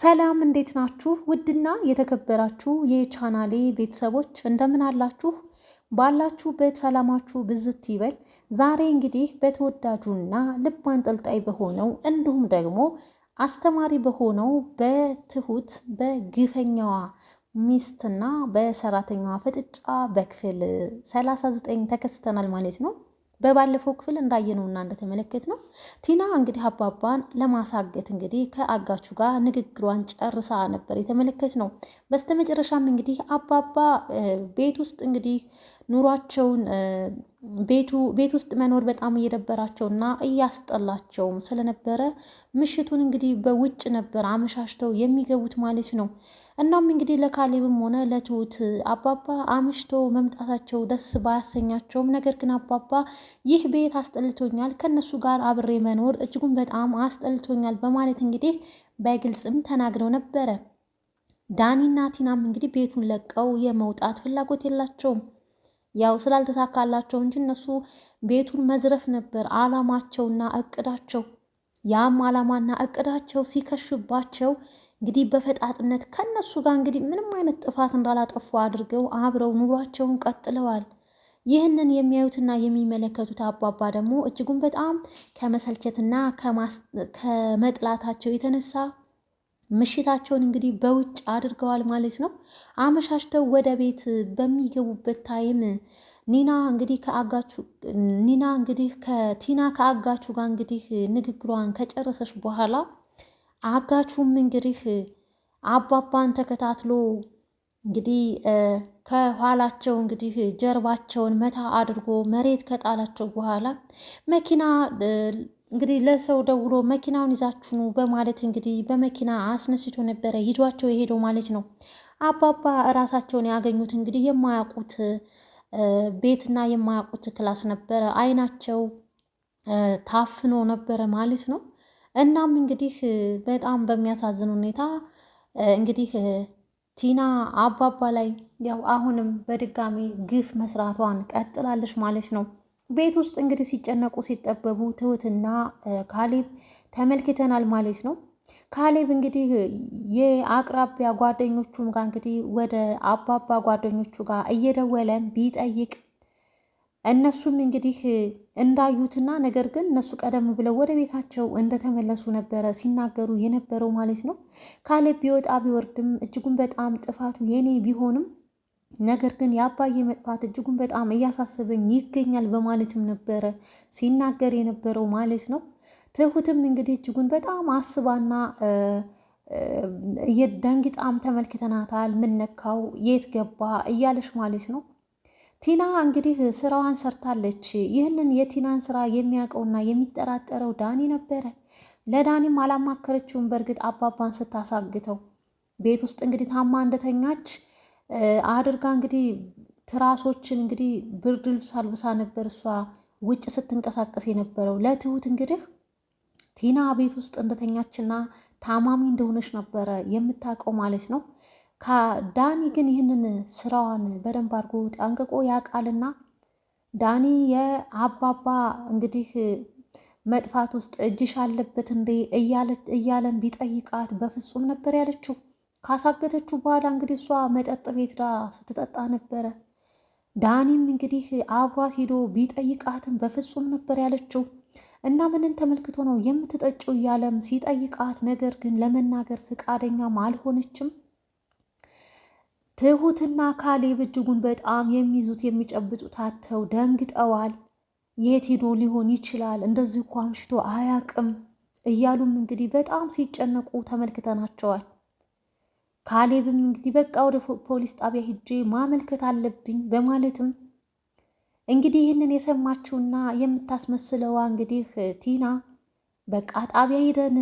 ሰላም እንዴት ናችሁ? ውድና የተከበራችሁ የቻናሌ ቤተሰቦች እንደምን አላችሁ? ባላችሁበት ሰላማችሁ ብዝት ይበል። ዛሬ እንግዲህ በተወዳጁና ልብ አንጠልጣይ በሆነው እንዲሁም ደግሞ አስተማሪ በሆነው በትሁት በግፈኛዋ ሚስትና በሰራተኛዋ ፍጥጫ በክፍል 39 ተከስተናል ማለት ነው። በባለፈው ክፍል እንዳየነውና እንደተመለከት ነው ቲና እንግዲህ አባባን ለማሳገት እንግዲህ ከአጋቹ ጋር ንግግሯን ጨርሳ ነበር የተመለከት ነው። በስተመጨረሻም እንግዲህ አባባ ቤት ውስጥ እንግዲህ ኑሯቸውን ቤቱ ቤት ውስጥ መኖር በጣም እየደበራቸው እና እያስጠላቸውም ስለነበረ ምሽቱን እንግዲህ በውጭ ነበር አመሻሽተው የሚገቡት ማለት ነው። እናም እንግዲህ ለካሌብም ሆነ ለትሁት አባባ አምሽቶ መምጣታቸው ደስ ባያሰኛቸውም፣ ነገር ግን አባባ ይህ ቤት አስጠልቶኛል፣ ከነሱ ጋር አብሬ መኖር እጅጉን በጣም አስጠልቶኛል በማለት እንግዲህ በግልጽም ተናግረው ነበረ። ዳኒና ቲናም እንግዲህ ቤቱን ለቀው የመውጣት ፍላጎት የላቸውም። ያው ስላልተሳካላቸው እንጂ እነሱ ቤቱን መዝረፍ ነበር አላማቸውና እቅዳቸው። ያም አላማና እቅዳቸው ሲከሽባቸው እንግዲህ በፈጣጥነት ከነሱ ጋር እንግዲህ ምንም አይነት ጥፋት እንዳላጠፉ አድርገው አብረው ኑሯቸውን ቀጥለዋል። ይህንን የሚያዩትና የሚመለከቱት አባባ ደግሞ እጅጉን በጣም ከመሰልቸትና ከመጥላታቸው የተነሳ ምሽታቸውን እንግዲህ በውጭ አድርገዋል ማለት ነው። አመሻሽተው ወደ ቤት በሚገቡበት ታይም ኒና እንግዲህ ከአጋቹ ኒና እንግዲህ ከቲና ከአጋቹ ጋር እንግዲህ ንግግሯን ከጨረሰች በኋላ አጋቹም እንግዲህ አባባን ተከታትሎ እንግዲህ ከኋላቸው እንግዲህ ጀርባቸውን መታ አድርጎ መሬት ከጣላቸው በኋላ መኪና እንግዲህ ለሰው ደውሎ መኪናውን ይዛችሁ ኑ በማለት እንግዲህ በመኪና አስነስቶ ነበረ ይዟቸው የሄደው ማለት ነው። አባባ እራሳቸውን ያገኙት እንግዲህ የማያውቁት ቤትና የማያውቁት ክላስ ነበረ። አይናቸው ታፍኖ ነበረ ማለት ነው። እናም እንግዲህ በጣም በሚያሳዝን ሁኔታ እንግዲህ ቲና አባባ ላይ ያው አሁንም በድጋሚ ግፍ መስራቷን ቀጥላለች ማለት ነው። ቤት ውስጥ እንግዲህ ሲጨነቁ ሲጠበቡ ትሁትና ካሌብ ተመልክተናል ማለት ነው። ካሌብ እንግዲህ የአቅራቢያ ጓደኞቹም ጋር እንግዲህ ወደ አባባ ጓደኞቹ ጋር እየደወለ ቢጠይቅ እነሱም እንግዲህ እንዳዩትና ነገር ግን እነሱ ቀደም ብለው ወደ ቤታቸው እንደተመለሱ ነበረ ሲናገሩ የነበረው ማለት ነው። ካሌብ ቢወጣ ቢወርድም እጅጉን በጣም ጥፋቱ የኔ ቢሆንም ነገር ግን የአባዬ መጥፋት እጅጉን በጣም እያሳሰበኝ ይገኛል በማለትም ነበረ ሲናገር የነበረው ማለት ነው። ትሁትም እንግዲህ እጅጉን በጣም አስባና ደንግጣም ተመልክተናታል። ምነካው የት ገባ እያለች ማለት ነው። ቲና እንግዲህ ስራዋን ሰርታለች። ይህንን የቲናን ስራ የሚያውቀውና የሚጠራጠረው ዳኒ ነበረ። ለዳኒም አላማከረችውም። በእርግጥ አባባን ስታሳግተው ቤት ውስጥ እንግዲህ ታማ እንደተኛች አድርጋ እንግዲህ ትራሶችን እንግዲህ ብርድ ልብስ አልብሳ ነበር እሷ ውጭ ስትንቀሳቀስ የነበረው። ለትሁት እንግዲህ ቲና ቤት ውስጥ እንደተኛችና ታማሚ እንደሆነች ነበረ የምታውቀው ማለት ነው። ከዳኒ ግን ይህንን ስራዋን በደንብ አድርጎ ጠንቅቆ ያውቃልና ዳኒ የአባባ እንግዲህ መጥፋት ውስጥ እጅሽ አለበት እንዴ እያለን ቢጠይቃት በፍጹም ነበር ያለችው። ካሳገተችው በኋላ እንግዲህ እሷ መጠጥ ቤት ዳ ስትጠጣ ነበረ። ዳኒም እንግዲህ አብሯት ሄዶ ቢጠይቃትም በፍጹም ነበር ያለችው እና ምንን ተመልክቶ ነው የምትጠጪው እያለም ሲጠይቃት፣ ነገር ግን ለመናገር ፈቃደኛም አልሆነችም። ትሁትና ካሌብ እጅጉን በጣም የሚይዙት የሚጨብጡት አተው ደንግጠዋል። የት ሄዶ ሊሆን ይችላል? እንደዚህ እኮ አምሽቶ አያቅም እያሉም እንግዲህ በጣም ሲጨነቁ ተመልክተናቸዋል። ካሌብም እንግዲህ በቃ ወደ ፖሊስ ጣቢያ ሂጄ ማመልከት አለብኝ በማለትም እንግዲህ ይህንን የሰማችውና የምታስመስለዋ እንግዲህ ቲና በቃ ጣቢያ ሄደን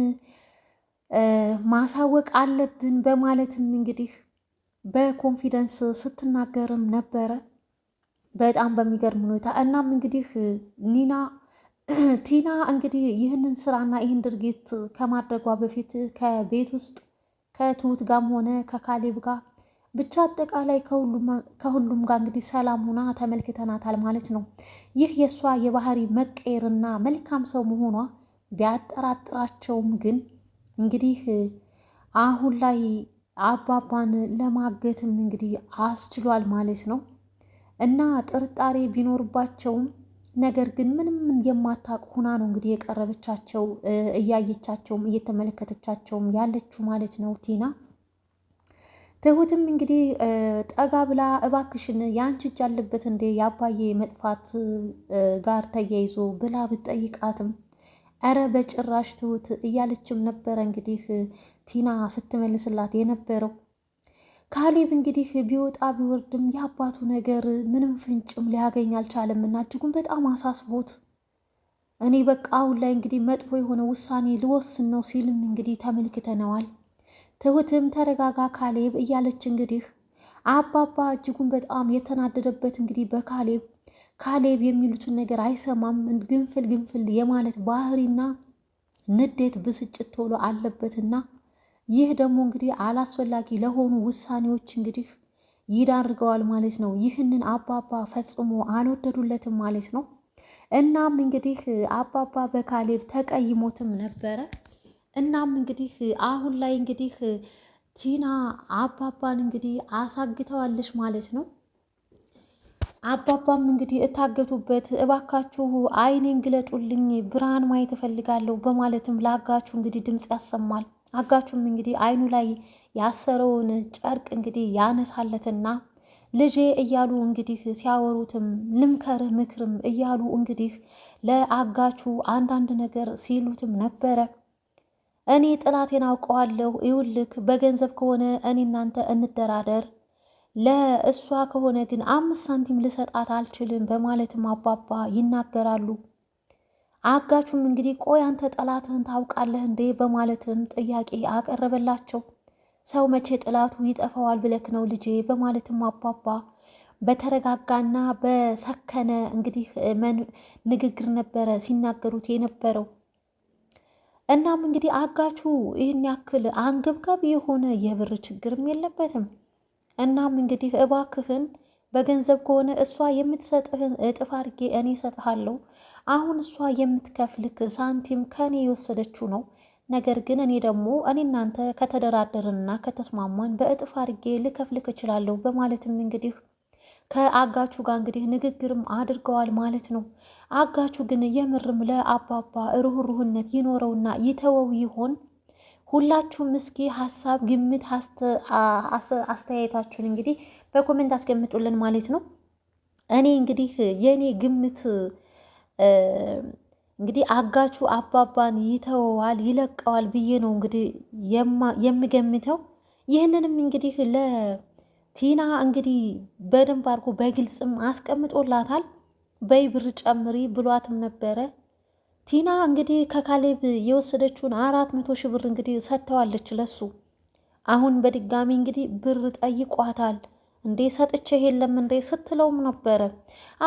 ማሳወቅ አለብን በማለትም እንግዲህ በኮንፊደንስ ስትናገርም ነበረ በጣም በሚገርም ሁኔታ። እናም እንግዲህ ኒና ቲና እንግዲህ ይህንን ስራና ይህን ድርጊት ከማድረጓ በፊት ከቤት ውስጥ ከትሁት ጋርም ሆነ ከካሌብ ጋር ብቻ አጠቃላይ ከሁሉም ጋር እንግዲህ ሰላም ሆና ተመልክተናታል ማለት ነው። ይህ የእሷ የባህሪ መቀየርና መልካም ሰው መሆኗ ቢያጠራጥራቸውም ግን እንግዲህ አሁን ላይ አባባን ለማገትም እንግዲህ አስችሏል ማለት ነው እና ጥርጣሬ ቢኖርባቸውም ነገር ግን ምንም የማታውቅ ሁና ነው እንግዲህ የቀረበቻቸው እያየቻቸውም እየተመለከተቻቸውም ያለችው ማለት ነው ቲና። ትሁትም እንግዲህ ጠጋ ብላ እባክሽን የአንቺ እጅ ያለበት እንዴ የአባዬ መጥፋት ጋር ተያይዞ ብላ ብትጠይቃትም ረ በጭራሽ ትሁት እያለችም ነበረ እንግዲህ ቲና ስትመልስላት የነበረው ካሌብ እንግዲህ ቢወጣ ቢወርድም የአባቱ ነገር ምንም ፍንጭም ሊያገኝ አልቻለም እና እጅጉን በጣም አሳስቦት እኔ በቃ አሁን ላይ እንግዲህ መጥፎ የሆነ ውሳኔ ልወስን ነው ሲልም እንግዲህ ተመልክተነዋል። ትሁትም ተረጋጋ ካሌብ እያለች እንግዲህ አባባ እጅጉን በጣም የተናደደበት እንግዲህ በካሌብ ካሌብ የሚሉትን ነገር አይሰማም ግንፍል ግንፍል የማለት ባህሪና ንዴት ብስጭት ቶሎ አለበትና ይህ ደግሞ እንግዲህ አላስፈላጊ ለሆኑ ውሳኔዎች እንግዲህ ይዳርገዋል ማለት ነው። ይህንን አባባ ፈጽሞ አልወደዱለትም ማለት ነው። እናም እንግዲህ አባባ በካሌብ ተቀይሞትም ነበረ። እናም እንግዲህ አሁን ላይ እንግዲህ ቲና አባባን እንግዲህ አሳግተዋለች ማለት ነው። አባባም እንግዲህ እታገቱበት፣ እባካችሁ አይኔን ግለጡልኝ፣ ብርሃን ማየት እፈልጋለሁ በማለትም ላጋችሁ እንግዲህ ድምፅ ያሰማል። አጋቹም እንግዲህ አይኑ ላይ ያሰረውን ጨርቅ እንግዲህ ያነሳለትና ልጄ እያሉ እንግዲህ ሲያወሩትም ልምከርህ ምክርም እያሉ እንግዲህ ለአጋቹ አንዳንድ ነገር ሲሉትም ነበረ። እኔ ጥላቴን አውቀዋለሁ። ይውልክ በገንዘብ ከሆነ እኔ እናንተ እንደራደር፣ ለእሷ ከሆነ ግን አምስት ሳንቲም ልሰጣት አልችልም በማለትም አባባ ይናገራሉ። አጋቹም እንግዲህ ቆይ አንተ ጠላትህን ታውቃለህ እንዴ? በማለትም ጥያቄ አቀረበላቸው። ሰው መቼ ጥላቱ ይጠፋዋል ብለክ ነው ልጄ? በማለትም አባባ በተረጋጋና በሰከነ እንግዲህ ንግግር ነበረ ሲናገሩት የነበረው። እናም እንግዲህ አጋቹ ይህን ያክል አንገብጋቢ የሆነ የብር ችግርም የለበትም። እናም እንግዲህ እባክህን በገንዘብ ከሆነ እሷ የምትሰጥህን እጥፍ አድርጌ እኔ እሰጥሃለሁ አሁን እሷ የምትከፍልክ ሳንቲም ከኔ የወሰደችው ነው። ነገር ግን እኔ ደግሞ እኔ እናንተ ከተደራደርንና ከተስማማን በእጥፍ አድርጌ ልከፍልክ እችላለሁ በማለትም እንግዲህ ከአጋቹ ጋር እንግዲህ ንግግርም አድርገዋል ማለት ነው። አጋቹ ግን የምርም ለአባባ ርኅሩህነት ይኖረውና ይተወው ይሆን? ሁላችሁም እስኪ ሀሳብ፣ ግምት፣ አስተያየታችሁን እንግዲህ በኮሜንት አስቀምጡልን ማለት ነው። እኔ እንግዲህ የእኔ ግምት እንግዲህ አጋቹ አባባን ይተወዋል ይለቀዋል ብዬ ነው እንግዲህ የምገምተው። ይህንንም እንግዲህ ለቲና እንግዲህ በደንብ አድርጎ በግልጽም አስቀምጦላታል። በይ ብር ጨምሪ ብሏትም ነበረ። ቲና እንግዲህ ከካሌብ የወሰደችውን አራት መቶ ሺህ ብር እንግዲህ ሰጥተዋለች ለሱ። አሁን በድጋሚ እንግዲህ ብር ጠይቋታል። እንዴ ሰጥቼ የለም እንዴ ስትለውም ነበረ።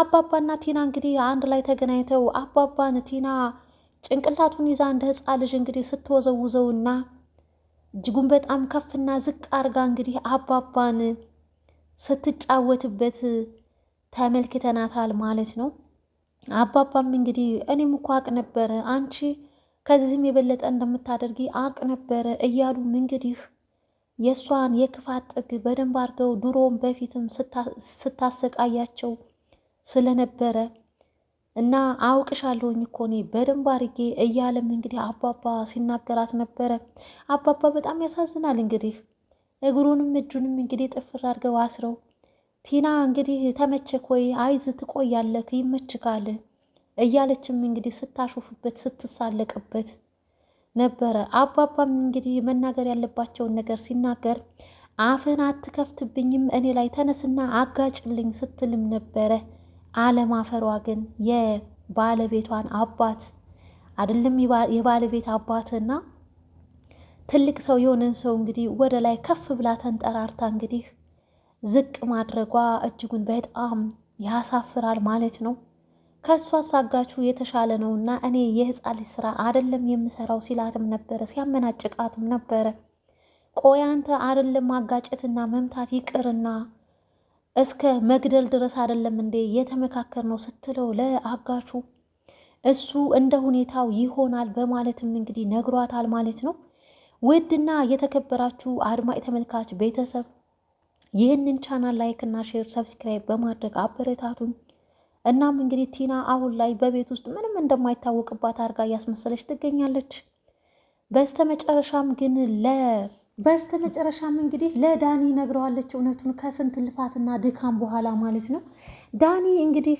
አባባና ቲና እንግዲህ አንድ ላይ ተገናኝተው አባባን ቲና ጭንቅላቱን ይዛ እንደ ሕፃን ልጅ እንግዲህ ስትወዘውዘውና እጅጉን በጣም ከፍና ዝቅ አርጋ እንግዲህ አባባን ስትጫወትበት ተመልክተናታል ማለት ነው። አባባም እንግዲህ እኔም እኮ አቅ ነበረ አንቺ ከዚህም የበለጠ እንደምታደርጊ አቅ ነበረ እያሉም እንግዲህ የእሷን የክፋት ጥግ በደንብ አድርገው ድሮም በፊትም ስታሰቃያቸው ስለነበረ እና አውቅሻለሁኝ እኮ እኔ በደንብ አድርጌ እያለም እንግዲህ አባባ ሲናገራት ነበረ። አባባ በጣም ያሳዝናል። እንግዲህ እግሩንም እጁንም እንግዲህ ጥፍር አድርገው አስረው ቲና እንግዲህ ተመቸክ ወይ? አይዝ ትቆያለክ፣ ይመችካል እያለችም እንግዲህ ስታሾፍበት ስትሳለቅበት ነበረ። አባባም እንግዲህ መናገር ያለባቸውን ነገር ሲናገር አፍን አትከፍትብኝም እኔ ላይ ተነስና አጋጭልኝ ስትልም ነበረ። አለማፈሯ ግን የባለቤቷን አባት አይደለም የባለቤት አባትና ትልቅ ሰው የሆነን ሰው እንግዲህ ወደ ላይ ከፍ ብላ ተንጠራርታ እንግዲህ ዝቅ ማድረጓ እጅጉን በጣም ያሳፍራል ማለት ነው። ከእሷ አሳጋችሁ የተሻለ ነውና እኔ የህፃን ልጅ ስራ አይደለም የምሰራው ሲላትም ነበረ፣ ሲያመናጭቃትም ነበረ። ቆይ አንተ አይደለም ማጋጨትና መምታት ይቅርና እስከ መግደል ድረስ አደለም እንዴ የተመካከር ነው ስትለው ለአጋቹ እሱ እንደ ሁኔታው ይሆናል በማለትም እንግዲህ ነግሯታል ማለት ነው። ውድና የተከበራችሁ አድማጭ ተመልካች ቤተሰብ ይህንን ቻናል ላይክና ሼር፣ ሰብስክራይብ በማድረግ አበረታቱን። እናም እንግዲህ ቲና አሁን ላይ በቤት ውስጥ ምንም እንደማይታወቅባት አድርጋ እያስመሰለች ትገኛለች። በስተመጨረሻም ግን ለ በስተመጨረሻም እንግዲህ ለዳኒ ነግረዋለች እውነቱን ከስንት ልፋትና ድካም በኋላ ማለት ነው። ዳኒ እንግዲህ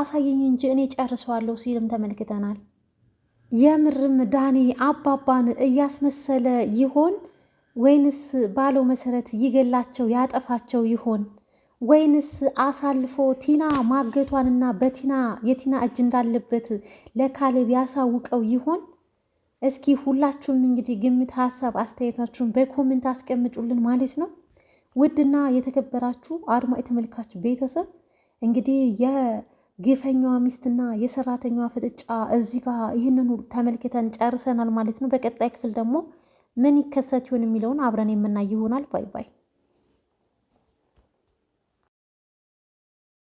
አሳየኝ እንጂ እኔ ጨርሰዋለሁ ሲልም ተመልክተናል። የምርም ዳኒ አባባን እያስመሰለ ይሆን ወይንስ ባለው መሰረት ይገላቸው ያጠፋቸው ይሆን? ወይንስ አሳልፎ ቲና ማገቷንና በቲና የቲና እጅ እንዳለበት ለካሌብ ያሳውቀው ይሆን? እስኪ ሁላችሁም እንግዲህ ግምት፣ ሀሳብ አስተያየታችሁን በኮሜንት አስቀምጡልን ማለት ነው። ውድና የተከበራችሁ አድማ የተመልካች ቤተሰብ እንግዲህ የግፈኛዋ ሚስትና የሰራተኛዋ ፍጥጫ እዚህ ጋር ይህንን ተመልክተን ጨርሰናል ማለት ነው። በቀጣይ ክፍል ደግሞ ምን ይከሰት ይሆን የሚለውን አብረን የምናይ ይሆናል። ባይ ባይ።